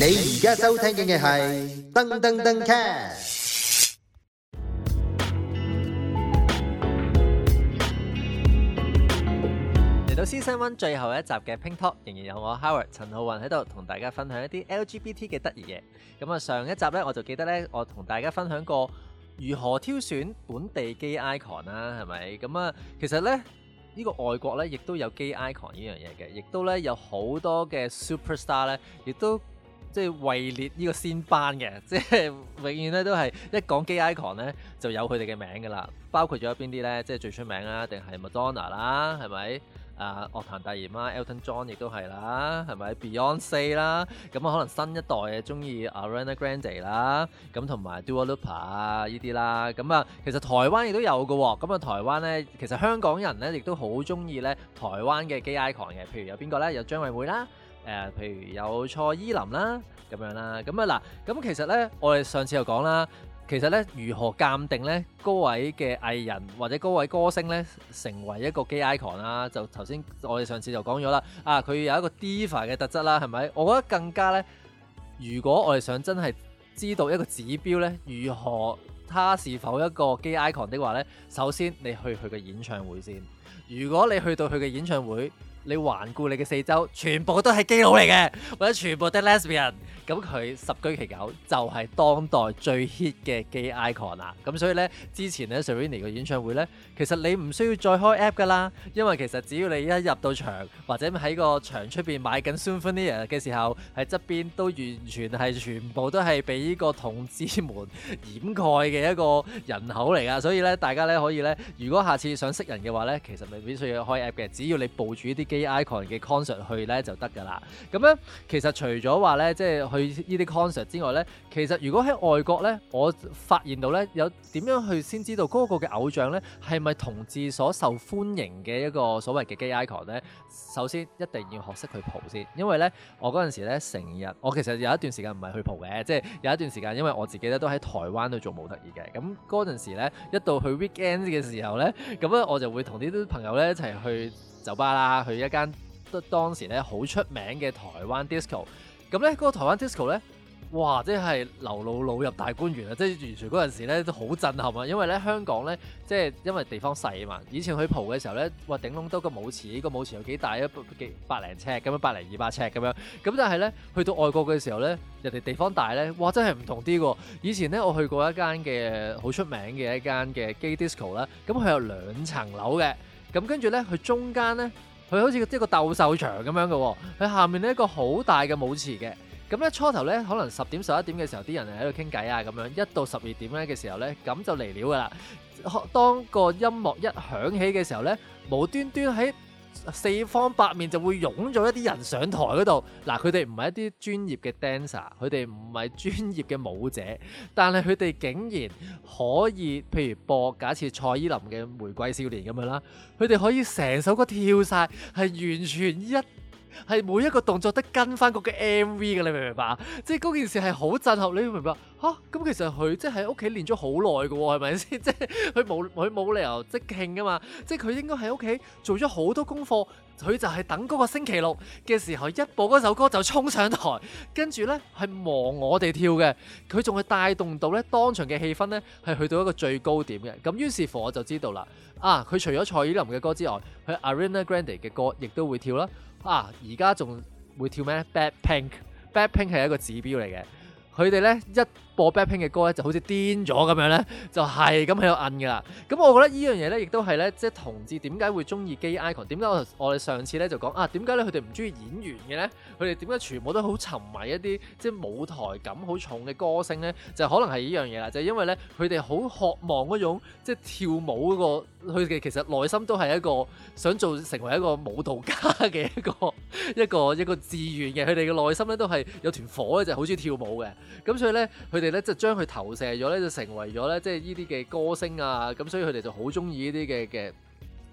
你而家收聽嘅係噔噔噔 cast 嚟到，Season One 最後一集嘅 pink talk，仍然有我 Howard 陳浩雲喺度同大家分享一啲 LGBT 嘅得意嘢。咁啊，上一集呢，我就記得呢，我同大家分享過如何挑選本地 gay icon 啦、啊，係咪？咁啊，其實呢，呢、這個外國呢，亦都有 gay icon 呢樣嘢嘅，亦都呢，有好多嘅 superstar 呢，亦都。即係位列呢個先班嘅，即係永遠咧都係一講 G I 狂咧就有佢哋嘅名㗎啦。包括咗邊啲咧？即係最出名 onna，啦，定係 Madonna 啦，係咪？啊，樂壇大爺啦，Elton John 亦都係啦，係咪？Beyond 四啦，咁啊可能新一代嘅中意 a r e a n a Grande 啦，咁同埋 d o a Lipa 依啲啦，咁啊其實台灣亦都有㗎喎。咁啊台灣咧，其實香港人咧亦都好中意咧台灣嘅 G I 狂嘅，譬如有邊個咧？有張惠妹啦。誒、呃，譬如有蔡依林啦，咁樣啦，咁啊嗱，咁其實咧，我哋上次就講啦，其實咧，如何鑑定咧高位嘅藝人或者高位歌星咧成為一個 G I 狂啦？就頭先我哋上次就講咗啦，啊，佢有一個 d i v e 嘅特質啦，係咪？我覺得更加咧，如果我哋想真係知道一個指標咧，如何他是否一個 G I 狂，的話咧，首先你去佢嘅演唱會先。如果你去到佢嘅演唱會，你環顧你嘅四周，全部都係基佬嚟嘅，或者全部都係 lesbian。咁佢十居其九就係、是、當代最 hit 嘅 gay icon 啦。咁所以呢，之前呢 Serenity 嘅演唱會呢，其實你唔需要再開 app 㗎啦。因為其實只要你一入到場，或者喺個場出邊買緊 Serenity 嘅時候，喺側邊都完全係全部都係被呢個同志們掩蓋嘅一個人口嚟㗎。所以呢，大家呢可以呢，如果下次想識人嘅話呢，其實未必需要開 app 嘅。只要你部署啲基 icon 嘅 concert 去咧就得噶啦。咁咧，其實除咗話咧，即係去呢啲 concert 之外咧，其實如果喺外國咧，我發現到咧，有點樣去先知道嗰個嘅偶像咧，係咪同志所受歡迎嘅一個所謂嘅 gay icon 咧。首先一定要學識去蒲先，因為咧，我嗰陣時咧，成日我其實有一段時間唔係去蒲嘅，即係有一段時間，因為我自己咧都喺台灣度做模特兒嘅。咁嗰陣時咧，一到去 weekend 嘅時候咧，咁咧我就會同呢啲朋友咧一齊去。酒吧啦，去一間當當時咧好出名嘅台灣 disco，咁咧嗰個台灣 disco 咧，哇！即係劉姥姥入大觀園啊，即係完全嗰陣時咧都好震撼啊，因為咧香港咧即係因為地方細啊嘛，以前去蒲嘅時候咧，哇！頂籠得個舞池，個舞池有幾大啊？幾百百零尺咁樣，百零二百尺咁樣。咁但係咧去到外國嘅時候咧，人哋地方大咧，哇！真係唔同啲喎。以前咧我去過一間嘅好出名嘅一間嘅 gay disco 啦，咁佢有兩層樓嘅。咁跟住咧，佢中間咧，佢好似即係個鬥獸場咁樣嘅喎、哦，佢下面咧一個好大嘅舞池嘅。咁咧初頭咧，可能十點十一點嘅時候，啲人係喺度傾偈啊咁樣。一到十二點咧嘅時候咧，咁就嚟了㗎喇。當個音樂一響起嘅時候咧，無端端喺～四方八面就會湧咗一啲人上台嗰度，嗱，佢哋唔係一啲專業嘅 dancer，佢哋唔係專業嘅舞者，但係佢哋竟然可以，譬如播假設蔡依林嘅《玫瑰少年》咁樣啦，佢哋可以成首歌跳晒，係完全一。係每一個動作都跟翻嗰個 MV 嘅，你明唔明白啊？即係嗰件事係好震撼，你要明白嚇。咁其實佢即係喺屋企練咗好耐嘅喎，係咪先？即係佢冇佢冇理由即興嘅嘛。即係佢應該喺屋企做咗好多功課，佢就係等嗰個星期六嘅時候，一播嗰首歌就衝上台，跟住咧係望我哋跳嘅，佢仲係帶動到咧當場嘅氣氛咧係去到一個最高點嘅。咁於是乎我就知道啦，啊，佢除咗蔡依林嘅歌之外，佢 Ariana Grande 嘅歌亦都會跳啦。啊！而家仲會跳咩？Bad Pink，Bad Pink 係一個指標嚟嘅。佢哋呢一。播 BLACKPINK 嘅歌咧，就好似癲咗咁樣咧，就係咁喺度摁㗎啦。咁我覺得呢樣嘢咧，亦都係咧，即係同志點解會中意 gay icon？點解我我哋上次咧就講啊？點解咧佢哋唔中意演員嘅咧？佢哋點解全部都好沉迷一啲即係舞台感好重嘅歌星咧？就可能係呢樣嘢啦。就係、是、因為咧，佢哋好渴望嗰種即係跳舞、嗰個佢哋其實內心都係一個想做成為一個舞蹈家嘅一個一個一個，一個志願嘅。佢哋嘅內心咧都係有團火咧，就係好中意跳舞嘅。咁所以咧，佢哋。就將佢投射咗咧，就成為咗咧，即係呢啲嘅歌星啊！咁所以佢哋就好中意呢啲嘅嘅。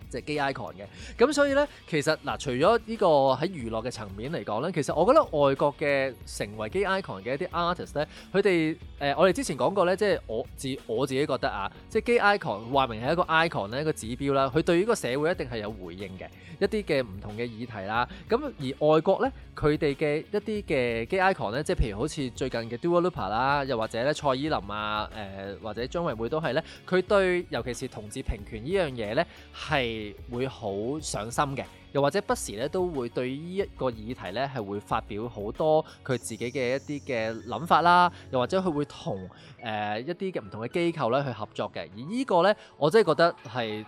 即係 gay icon 嘅，咁所以咧，其實嗱，除咗呢個喺娛樂嘅層面嚟講咧，其實我覺得外國嘅成為 gay icon 嘅一啲 artist 咧，佢哋誒，我哋之前講過咧，即係我自我自己覺得啊，即係 gay icon 話明係一個 icon 咧，一個指標啦，佢對於呢個社會一定係有回應嘅一啲嘅唔同嘅議題啦。咁、啊、而外國咧，佢哋嘅一啲嘅 gay icon 咧，即係譬如好似最近嘅 Dua Lipa 啦，又或者咧蔡依林啊，誒、呃、或者張惠妹都係咧，佢對尤其是同志平權呢樣嘢咧係，會好上心嘅，又或者不時咧都會對呢一個議題咧係會發表好多佢自己嘅一啲嘅諗法啦，又或者佢會同誒一啲嘅唔同嘅機構咧去合作嘅，而呢個咧我真係覺得係。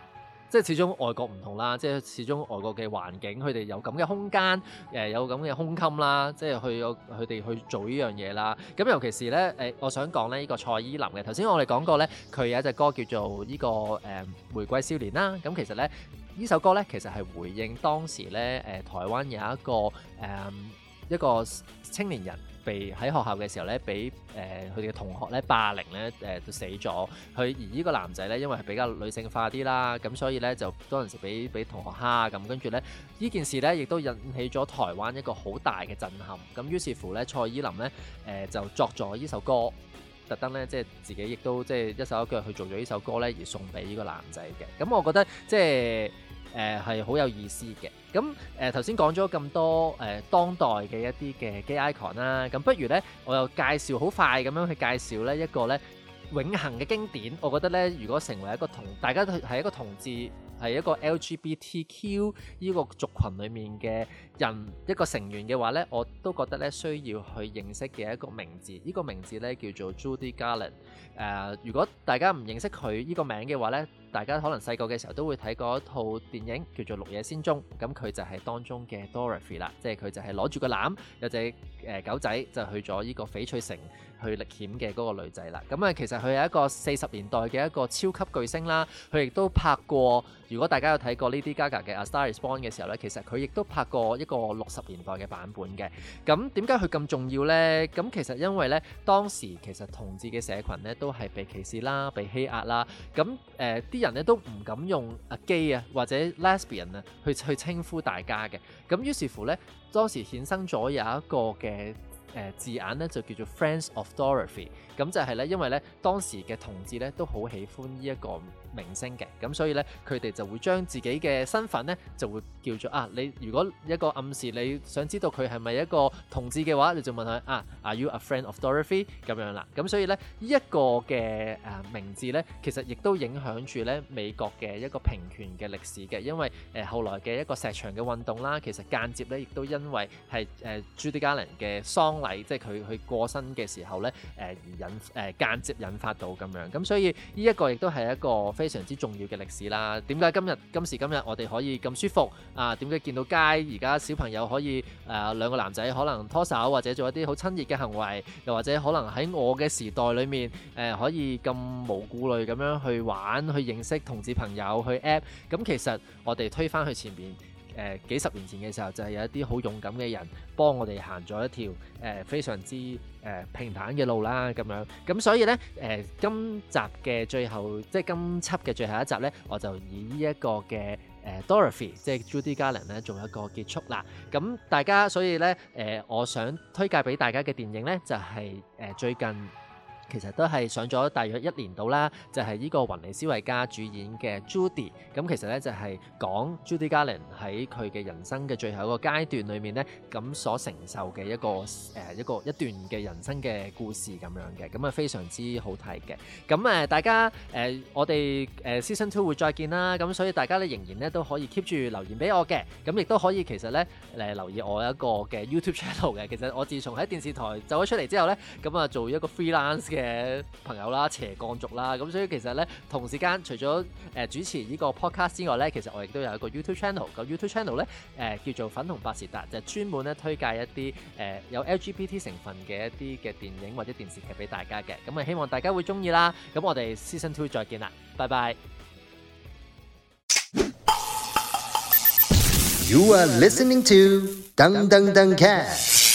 即係始終外國唔同啦，即係始終外國嘅環境，佢哋有咁嘅空間，誒有咁嘅胸襟啦，即係去有佢哋去做呢樣嘢啦。咁尤其是咧，誒我想講咧呢個蔡依林嘅。頭先我哋講過咧，佢有一隻歌叫做呢個誒《玫瑰少年》啦。咁其實咧，呢首歌咧其實係回應當時咧誒台灣有一個誒。嗯一個青年人被喺學校嘅時候咧，俾誒佢哋嘅同學咧霸凌咧誒都死咗。佢而呢個男仔咧，因為係比較女性化啲啦，咁所以咧就多陣時俾俾同學蝦咁，跟住咧呢件事咧，亦都引起咗台灣一個好大嘅震撼。咁於是乎咧，蔡依林咧誒、呃、就作咗呢首歌，特登咧即係自己亦都即係一手一腳去做咗呢首歌咧，而送俾呢個男仔嘅。咁我覺得即係。誒係好有意思嘅，咁誒頭先講咗咁多誒、呃、當代嘅一啲嘅 gay icon 啦，咁不如呢，我又介紹好快咁樣去介紹呢一個呢永恆嘅經典，我覺得呢，如果成為一個同大家都係一個同志，係一個 LGBTQ 呢個族群裡面嘅人一個成員嘅話咧，我都覺得咧需要去認識嘅一個名字，呢個名字咧叫做 Judy Garland。誒，如果大家唔認識佢呢個名嘅話咧，大家可能細個嘅時候都會睇過一套電影叫做《綠野仙蹤》，咁佢就係當中嘅 Dorothy 啦，即係佢就係攞住個籃有隻誒狗仔就去咗呢個翡翠城去歷險嘅嗰個女仔啦。咁啊，其實佢係一個四十年代嘅一個超級巨星啦，佢亦都拍過。如果大家有睇過 Lady Gaga 嘅《A Star Is Born》嘅時候咧，其實佢亦都拍過一個六十年代嘅版本嘅，咁點解佢咁重要呢？咁其實因為呢，當時其實同志嘅社群呢都係被歧視啦，被欺壓啦，咁誒啲人呢都唔敢用 gay 啊或者 lesbian 啊去去稱呼大家嘅，咁於是乎呢，當時衍生咗有一個嘅誒、呃、字眼呢，就叫做 Friends of Dorothy，咁就係呢，因為呢，當時嘅同志呢都好喜歡呢、這、一個。明星嘅，咁所以咧，佢哋就會將自己嘅身份咧，就會叫做啊，你如果一個暗示你想知道佢係咪一個同志嘅話，你就問佢啊，Are you a friend of Dorothy 咁樣啦。咁所以咧，呢、這、一個嘅誒名字咧，其實亦都影響住咧美國嘅一個平權嘅歷史嘅，因為誒、呃、後來嘅一個石牆嘅運動啦，其實間接咧亦都因為係誒朱迪嘉倫嘅喪禮，即係佢去過身嘅時候咧誒、呃、引誒、呃、間接引發到咁樣，咁所以呢、這個、一個亦都係一個。非非常之重要嘅歷史啦，點解今日今時今日我哋可以咁舒服啊？點解見到街而家小朋友可以誒、呃、兩個男仔可能拖手或者做一啲好親熱嘅行為，又或者可能喺我嘅時代裏面誒、呃、可以咁無顧慮咁樣去玩去認識同志朋友去 app？咁、啊、其實我哋推返去前面。誒幾十年前嘅時候，就係、是、有一啲好勇敢嘅人幫我哋行咗一條誒、呃、非常之誒、呃、平坦嘅路啦，咁樣咁所以咧誒、呃、今集嘅最後，即係今輯嘅最後一集咧，我就以呢一個嘅誒、呃、Dorothy，即係 Judy Garland 咧，做一個結束啦。咁大家所以咧誒、呃，我想推介俾大家嘅電影咧，就係、是、誒、呃、最近。其實都係上咗大約一年度啦，就係、是、呢個雲尼斯維加主演嘅 Judy，咁其實咧就係講 Judy Garland 喺佢嘅人生嘅最後一個階段裏面咧，咁所承受嘅一個誒、呃、一個一段嘅人生嘅故事咁樣嘅，咁啊非常之好睇嘅。咁誒大家誒、呃、我哋誒 Season Two 會再見啦，咁所以大家咧仍然咧都可以 keep 住留言俾我嘅，咁亦都可以其實咧誒留意我一個嘅 YouTube Channel 嘅。其實我自從喺電視台走咗出嚟之後咧，咁啊做一個 freelance 嘅。嘅朋友啦，斜槓族啦，咁所以其實咧，同時間除咗誒主持呢個 podcast 之外咧，其實我亦都有一個 YouTube channel，個 YouTube channel 咧誒叫做粉紅百事達，就專門咧推介一啲誒有 LGBT 成分嘅一啲嘅電影或者電視劇俾大家嘅，咁啊希望大家會中意啦，咁我哋 Season Two 再見啦，拜拜。You are listening to Dang Dang Dang Cat。